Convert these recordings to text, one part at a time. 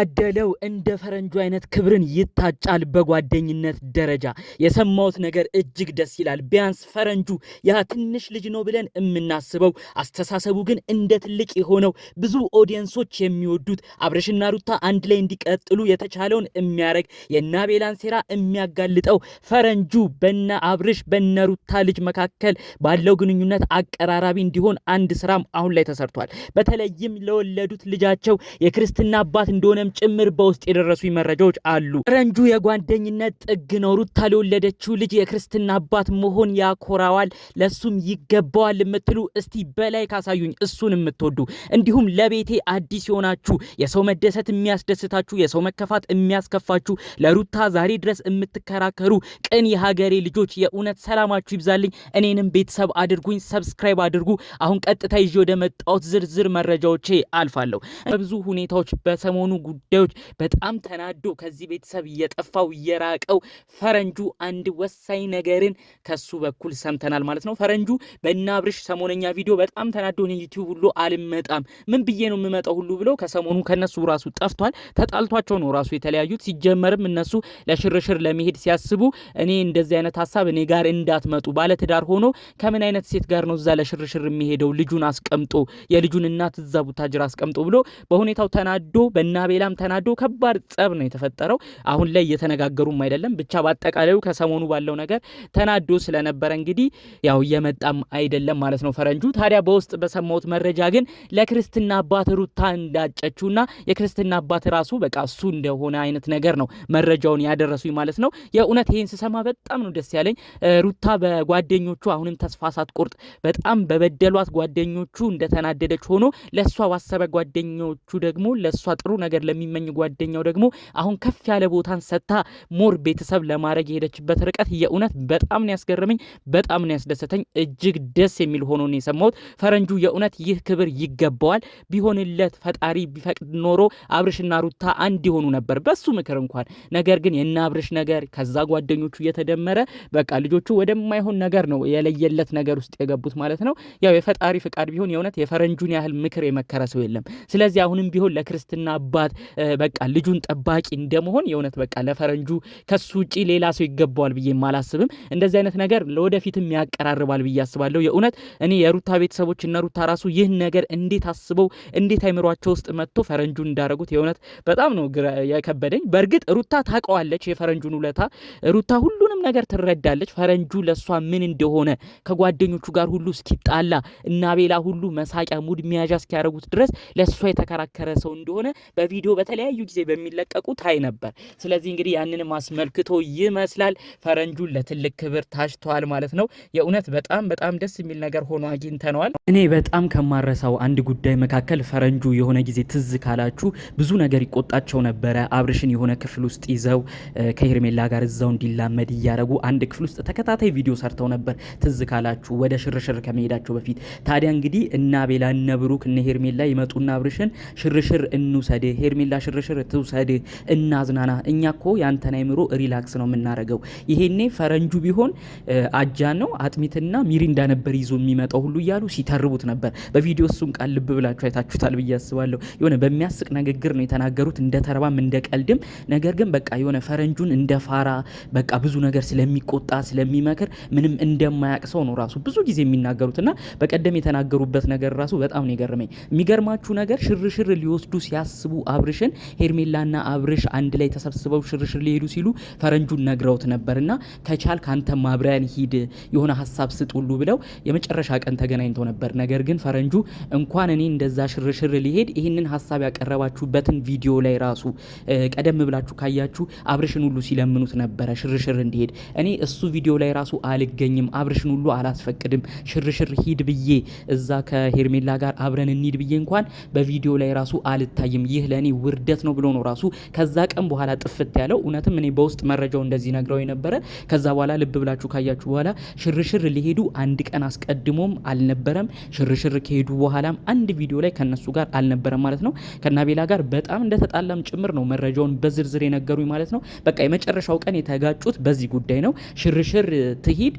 ያደለው እንደ ፈረንጁ አይነት ክብርን ይታጫል። በጓደኝነት ደረጃ የሰማሁት ነገር እጅግ ደስ ይላል። ቢያንስ ፈረንጁ ያ ትንሽ ልጅ ነው ብለን የምናስበው አስተሳሰቡ ግን እንደ ትልቅ የሆነው ብዙ ኦዲየንሶች የሚወዱት አብርሽና ሩታ አንድ ላይ እንዲቀጥሉ የተቻለውን የሚያደርግ የናቤላን ሴራ የሚያጋልጠው ፈረንጁ በነ አብርሽ በነ ሩታ ልጅ መካከል ባለው ግንኙነት አቀራራቢ እንዲሆን አንድ ስራም አሁን ላይ ተሰርቷል። በተለይም ለወለዱት ልጃቸው የክርስትና አባት እንደሆነም ጭምር ጭምር በውስጥ የደረሱኝ መረጃዎች አሉ። ረንጁ የጓደኝነት ጥግ ነው። ሩታ ለወለደችው ልጅ የክርስትና አባት መሆን ያኮራዋል፣ ለሱም ይገባዋል የምትሉ እስቲ በላይ ካሳዩኝ እሱን የምትወዱ እንዲሁም ለቤቴ አዲስ የሆናችሁ የሰው መደሰት የሚያስደስታችሁ የሰው መከፋት የሚያስከፋችሁ ለሩታ ዛሬ ድረስ የምትከራከሩ ቅን የሀገሬ ልጆች የእውነት ሰላማችሁ ይብዛልኝ። እኔንም ቤተሰብ አድርጉኝ፣ ሰብስክራይብ አድርጉ። አሁን ቀጥታ ይዤ ወደ መጣሁት ዝርዝር መረጃዎቼ አልፋለሁ። በብዙ ሁኔታዎች በሰሞኑ ጉዳዮች በጣም ተናዶ ከዚህ ቤተሰብ እየጠፋው እየራቀው ፈረንጁ አንድ ወሳኝ ነገርን ከሱ በኩል ሰምተናል ማለት ነው። ፈረንጁ በእነ አብርሽ ሰሞነኛ ቪዲዮ በጣም ተናዶ ዩቲዩብ ሁሉ አልመጣም ምን ብዬ ነው የምመጣው ሁሉ ብለው ከሰሞኑ ከነሱ ራሱ ጠፍቷል። ተጣልቷቸው ነው ራሱ የተለያዩት። ሲጀመርም እነሱ ለሽርሽር ለመሄድ ሲያስቡ እኔ እንደዚህ አይነት ሀሳብ እኔ ጋር እንዳትመጡ፣ ባለትዳር ሆኖ ከምን አይነት ሴት ጋር ነው እዛ ለሽርሽር የሚሄደው ልጁን አስቀምጦ የልጁን እናት እዛ ቡታጅር አስቀምጦ ብሎ በሁኔታው ተናዶ በናቤላ በጣም ተናዶ ከባድ ጸብ ነው የተፈጠረው። አሁን ላይ እየተነጋገሩም አይደለም። ብቻ በአጠቃላዩ ከሰሞኑ ባለው ነገር ተናዶ ስለነበረ እንግዲህ ያው እየመጣም አይደለም ማለት ነው ፈረንጁ። ታዲያ በውስጥ በሰማሁት መረጃ ግን ለክርስትና አባት ሩታ እንዳጨችውና የክርስትና አባት ራሱ በቃ እሱ እንደሆነ አይነት ነገር ነው መረጃውን ያደረሱኝ ማለት ነው። የእውነት ይህን ስሰማ በጣም ነው ደስ ያለኝ። ሩታ በጓደኞቹ አሁንም ተስፋ ሳትቆርጥ በጣም በበደሏት ጓደኞቹ እንደተናደደች ሆኖ ለእሷ ባሰበ ጓደኞቹ ደግሞ ለእሷ ጥሩ ነገር ለሚ ለሚመኝ ጓደኛው ደግሞ አሁን ከፍ ያለ ቦታን ሰጥታ ሞር ቤተሰብ ለማድረግ የሄደችበት ርቀት የእውነት በጣም ነው ያስገረመኝ፣ በጣም ነው ያስደሰተኝ። እጅግ ደስ የሚል ሆኖ ነው የሰማሁት። ፈረንጁ የእውነት ይህ ክብር ይገባዋል። ቢሆንለት ፈጣሪ ቢፈቅድ ኖሮ አብርሽና ሩታ አንድ የሆኑ ነበር በሱ ምክር እንኳን። ነገር ግን የነ አብርሽ ነገር ከዛ ጓደኞቹ እየተደመረ በቃ ልጆቹ ወደማይሆን ነገር ነው የለየለት ነገር ውስጥ የገቡት ማለት ነው። ያው የፈጣሪ ፍቃድ ቢሆን የእውነት የፈረንጁን ያህል ምክር የመከረ ሰው የለም። ስለዚህ አሁንም ቢሆን ለክርስትና አባት በቃ ልጁን ጠባቂ እንደመሆን የእውነት በቃ ለፈረንጁ ከሱ ውጪ ሌላ ሰው ይገባዋል ብዬ አላስብም። እንደዚህ አይነት ነገር ለወደፊትም ያቀራርባል ብዬ አስባለሁ። የእውነት እኔ የሩታ ቤተሰቦች እና ሩታ ራሱ ይህን ነገር እንዴት አስበው እንዴት አይምሯቸው ውስጥ መጥቶ ፈረንጁን እንዳደረጉት የእውነት በጣም ነው የከበደኝ። በእርግጥ ሩታ ታውቀዋለች የፈረንጁን ውለታ። ሩታ ሁሉንም ነገር ትረዳለች። ፈረንጁ ለእሷ ምን እንደሆነ ከጓደኞቹ ጋር ሁሉ እስኪጣላ እና ቤላ ሁሉ መሳቂያ ሙድ መያዣ እስኪያደርጉት ድረስ ለእሷ የተከራከረ ሰው እንደሆነ በቪዲዮ ቪዲዮ በተለያዩ ጊዜ በሚለቀቁ ታይ ነበር። ስለዚህ እንግዲህ ያንንም አስመልክቶ ይመስላል ፈረንጁን ለትልቅ ክብር ታጭተዋል ማለት ነው። የእውነት በጣም በጣም ደስ የሚል ነገር ሆኖ አግኝተነዋል። እኔ በጣም ከማረሳው አንድ ጉዳይ መካከል ፈረንጁ የሆነ ጊዜ ትዝ ካላችሁ ብዙ ነገር ይቆጣቸው ነበረ። አብርሽን የሆነ ክፍል ውስጥ ይዘው ከሄርሜላ ጋር እዛው እንዲላመድ እያደረጉ አንድ ክፍል ውስጥ ተከታታይ ቪዲዮ ሰርተው ነበር ትዝ ካላችሁ ወደ ሽርሽር ከመሄዳቸው በፊት ታዲያ እንግዲህ እነ አቤላ እነ ብሩክ እነ ሄርሜላ ይመጡና አብርሽን ሽርሽር እንውሰድ ሄርሜ በጠረሜላ ሽርሽር ትውሰድ እናዝናና። እኛ ኮ ያንተን አይምሮ ሪላክስ ነው የምናደርገው። ይሄኔ ፈረንጁ ቢሆን አጃ ነው አጥሚትና ሚሪንዳ ነበር ይዞ የሚመጣው ሁሉ እያሉ ሲተርቡት ነበር በቪዲዮ። እሱን ቃል ልብ ብላችሁ አይታችሁታል ብዬ አስባለሁ። የሆነ በሚያስቅ ንግግር ነው የተናገሩት፣ እንደ ተረባም እንደ ቀልድም። ነገር ግን በቃ የሆነ ፈረንጁን እንደ ፋራ በቃ ብዙ ነገር ስለሚቆጣ ስለሚመክር ምንም እንደማያቅ ሰው ነው ራሱ ብዙ ጊዜ የሚናገሩትና በቀደም የተናገሩበት ነገር ራሱ በጣም ነው የገረመኝ። የሚገርማችሁ ነገር ሽርሽር ሊወስዱ ሲያስቡ አብ አብርሽን ሄርሜላና አብርሽ አንድ ላይ ተሰብስበው ሽርሽር ሊሄዱ ሲሉ ፈረንጁን ነግረውት ነበርና ከቻል ከአንተ አብረን ሂድ የሆነ ሀሳብ ስጡሉ ብለው የመጨረሻ ቀን ተገናኝተው ነበር። ነገር ግን ፈረንጁ እንኳን እኔ እንደዛ ሽርሽር ሊሄድ ይህንን ሀሳብ ያቀረባችሁበትን ቪዲዮ ላይ ራሱ ቀደም ብላችሁ ካያችሁ አብርሽን ሁሉ ሲለምኑት ነበረ ሽርሽር እንዲሄድ። እኔ እሱ ቪዲዮ ላይ ራሱ አልገኝም፣ አብርሽን ሁሉ አላስፈቅድም፣ ሽርሽር ሂድ ብዬ እዛ ከሄርሜላ ጋር አብረን እንሂድ ብዬ እንኳን በቪዲዮ ላይ ራሱ አልታይም። ይህ ለእኔ ውርደት ነው ብሎ ነው ራሱ ከዛ ቀን በኋላ ጥፍት ያለው። እውነትም እኔ በውስጥ መረጃው እንደዚህ ነግረው የነበረ ከዛ በኋላ ልብ ብላችሁ ካያችሁ በኋላ ሽርሽር ሊሄዱ አንድ ቀን አስቀድሞም አልነበረም። ሽርሽር ከሄዱ በኋላም አንድ ቪዲዮ ላይ ከነሱ ጋር አልነበረም ማለት ነው። ከናቤላ ጋር በጣም እንደተጣላም ጭምር ነው መረጃውን በዝርዝር የነገሩኝ ማለት ነው። በቃ የመጨረሻው ቀን የተጋጩት በዚህ ጉዳይ ነው። ሽርሽር ትሂድ፣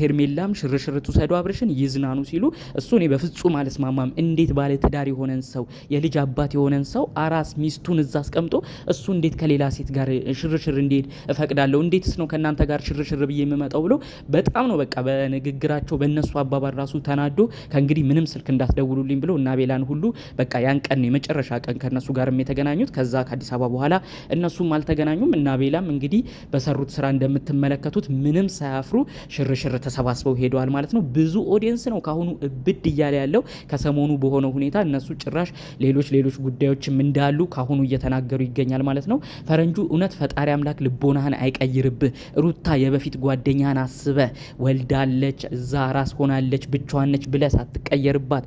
ሄርሜላም ሽርሽር ትውሰዱ፣ አብርሽን ይዝናኑ ሲሉ እሱ እኔ በፍጹም አልስማማም። እንዴት ባለ ትዳር የሆነን ሰው የልጅ አባት የሆነን ሰው አራስ ሚስቱን እዛ አስቀምጦ እሱ እንዴት ከሌላ ሴት ጋር ሽርሽር እንዲሄድ እፈቅዳለሁ? እንዴትስ ነው ከእናንተ ጋር ሽርሽር ብዬ የምመጣው ብሎ በጣም ነው በቃ በንግግራቸው በእነሱ አባባል ራሱ ተናዶ ከእንግዲህ ምንም ስልክ እንዳትደውሉልኝ ብሎ እና ቤላን ሁሉ በቃ ያን ቀን ነው የመጨረሻ ቀን ከእነሱ ጋርም የተገናኙት። ከዛ ከአዲስ አበባ በኋላ እነሱም አልተገናኙም እና ቤላም እንግዲህ በሰሩት ስራ እንደምትመለከቱት ምንም ሳያፍሩ ሽርሽር ተሰባስበው ሄደዋል ማለት ነው። ብዙ ኦዲየንስ ነው ከአሁኑ እብድ እያለ ያለው ከሰሞኑ በሆነው ሁኔታ እነሱ ጭራሽ ሌሎች ሌሎች ጉዳዮችም እንዳሉ ካሁኑ እየተናገሩ ይገኛል ማለት ነው። ፈረንጁ እውነት ፈጣሪ አምላክ ልቦናህን አይቀይርብህ። ሩታ የበፊት ጓደኛህን አስበ ወልዳለች፣ እዛ ራስ ሆናለች፣ ብቻዋን ነች ብለህ ሳትቀየርባት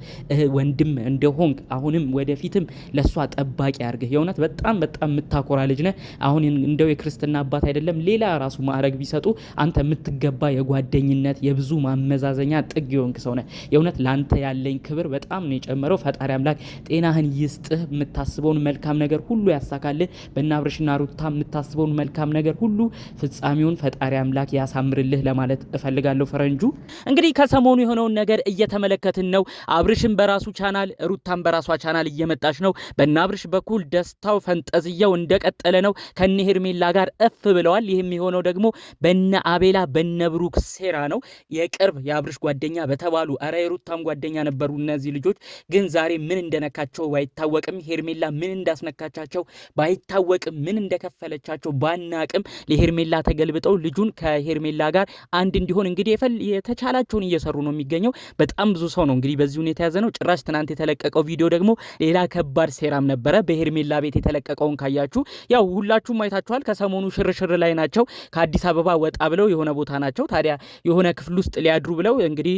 ወንድም እንደሆንክ አሁንም ወደፊትም ለእሷ ጠባቂ አድርገህ የእውነት በጣም በጣም የምታኮራ ልጅ ነህ። አሁን እንደው የክርስትና አባት አይደለም ሌላ ራሱ ማዕረግ ቢሰጡ አንተ የምትገባ የጓደኝነት የብዙ ማመዛዘኛ ጥግ የሆንክ ሰው ነህ። የእውነት ለአንተ ያለኝ ክብር በጣም ነው የጨመረው። ፈጣሪ አምላክ ጤናህን ይስጥህ። የምታስበው የምታስበውን መልካም ነገር ሁሉ ያሳካልህ። በእነ ሩታ የምታስበውን መልካም ነገር ሁሉ ፍጻሜውን ፈጣሪ አምላክ ያሳምርልህ ለማለት እፈልጋለሁ። ፈረንጁ እንግዲህ ከሰሞኑ የሆነውን ነገር እየተመለከትን ነው። አብርሽን በራሱ ቻናል፣ ሩታን በራሷ ቻናል እየመጣች ነው። በናብርሽ በኩል ደስታው ፈንጠዝያው እንደቀጠለ ነው። ከነ ሄርሜላ ጋር እፍ ብለዋል። ይህም የሆነው ደግሞ በነ አቤላ በነ ብሩክ ሴራ ነው። የቅርብ የአብርሽ ጓደኛ በተባሉ ኧረ የሩታም ጓደኛ ነበሩ እነዚህ ልጆች። ግን ዛሬ ምን እንደነካቸው ባይታወቅም ሄርሜላ ምን እንዳስነካቻቸው ባይታወቅም ምን እንደከፈለቻቸው ባናቅም ለሄርሜላ ተገልብጠው ልጁን ከሄርሜላ ጋር አንድ እንዲሆን እንግዲህ የተቻላቸውን እየሰሩ ነው የሚገኘው። በጣም ብዙ ሰው ነው እንግዲህ በዚህ ሁኔታ የያዘ ነው። ጭራሽ ትናንት የተለቀቀው ቪዲዮ ደግሞ ሌላ ከባድ ሴራም ነበረ። በሄርሜላ ቤት የተለቀቀውን ካያችሁ ያው ሁላችሁም አይታችኋል። ከሰሞኑ ሽርሽር ላይ ናቸው። ከአዲስ አበባ ወጣ ብለው የሆነ ቦታ ናቸው። ታዲያ የሆነ ክፍል ውስጥ ሊያድሩ ብለው እንግዲህ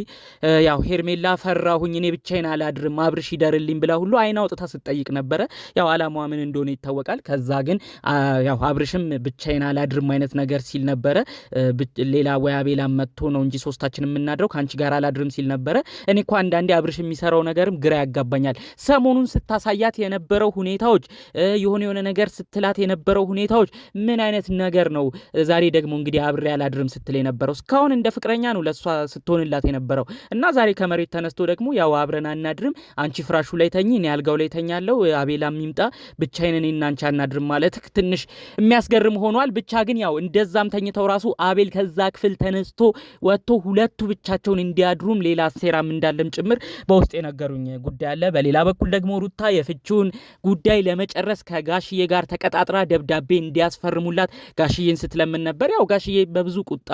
ያው ሄርሜላ ፈራሁኝ፣ እኔ ብቻዬን አላድርም፣ አብርሽ ይደርልኝ ብላ ሁሉ አይን አውጥታ ስጠይቅ ነበረ። ያው አላማዋ ምን እንደሆነ ይታወቃል። ከዛ ግን ያው አብርሽም ብቻዬን አላድርም አይነት ነገር ሲል ነበረ። ሌላ ወይ አቤላ መጥቶ ነው እንጂ ሶስታችን የምናድረው ከአንቺ ጋር አላድርም ሲል ነበረ። እኔ እኮ አንዳንዴ አብርሽ የሚሰራው ነገርም ግራ ያጋባኛል። ሰሞኑን ስታሳያት የነበረው ሁኔታዎች፣ የሆነ የሆነ ነገር ስትላት የነበረው ሁኔታዎች ምን አይነት ነገር ነው? ዛሬ ደግሞ እንግዲህ አብሬ አላድርም ስትል የነበረው እስካሁን እንደ ፍቅረኛ ነው ለእሷ ስትሆንላት የነበረው እና ዛሬ ከመሬት ተነስቶ ደግሞ ያው አብረን አናድርም፣ አንቺ ፍራሹ ላይ ተኝ፣ እኔ አልጋው ላይ ተኛለው፣ አቤላ ሚምጣ ብቻዬን እኔ እናንቻ እናድር ማለት ትንሽ የሚያስገርም ሆኗል። ብቻ ግን ያው እንደዛም ተኝተው ራሱ አቤል ከዛ ክፍል ተነስቶ ወጥቶ ሁለቱ ብቻቸውን እንዲያድሩም ሌላ ሴራም እንዳለም ጭምር በውስጥ የነገሩኝ ጉዳይ አለ። በሌላ በኩል ደግሞ ሩታ የፍቺውን ጉዳይ ለመጨረስ ከጋሽዬ ጋር ተቀጣጥራ ደብዳቤ እንዲያስፈርሙላት ጋሽዬን ስትለምን ነበር። ያው ጋሽዬ በብዙ ቁጣ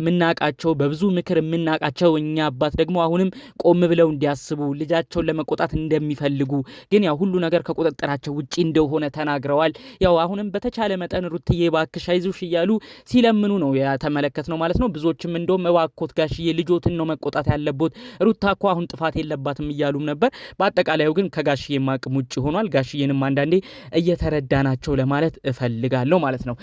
የምናቃቸው በብዙ ምክር የምናቃቸው እኛ አባት ደግሞ አሁንም ቆም ብለው እንዲያስቡ ልጃቸውን ለመቆጣት እንደሚፈልጉ ግን ያው ሁሉ ነገር ከቁጥጥር ከቁጥጥራቸው ውጪ እንደሆነ ተናግረዋል። ያው አሁንም በተቻለ መጠን ሩትዬ እባክሽ አይዞሽ እያሉ ሲለምኑ ነው የተመለከት ነው ማለት ነው። ብዙዎችም እንደውም እባክዎት ጋሽዬ ልጆትን ነው መቆጣት ያለቦት ሩታ እኮ አሁን ጥፋት የለባትም እያሉም ነበር። በአጠቃላዩ ግን ከጋሽዬም አቅም ውጭ ሆኗል። ጋሽዬንም አንዳንዴ እየተረዳናቸው ለማለት እፈልጋለሁ ማለት ነው።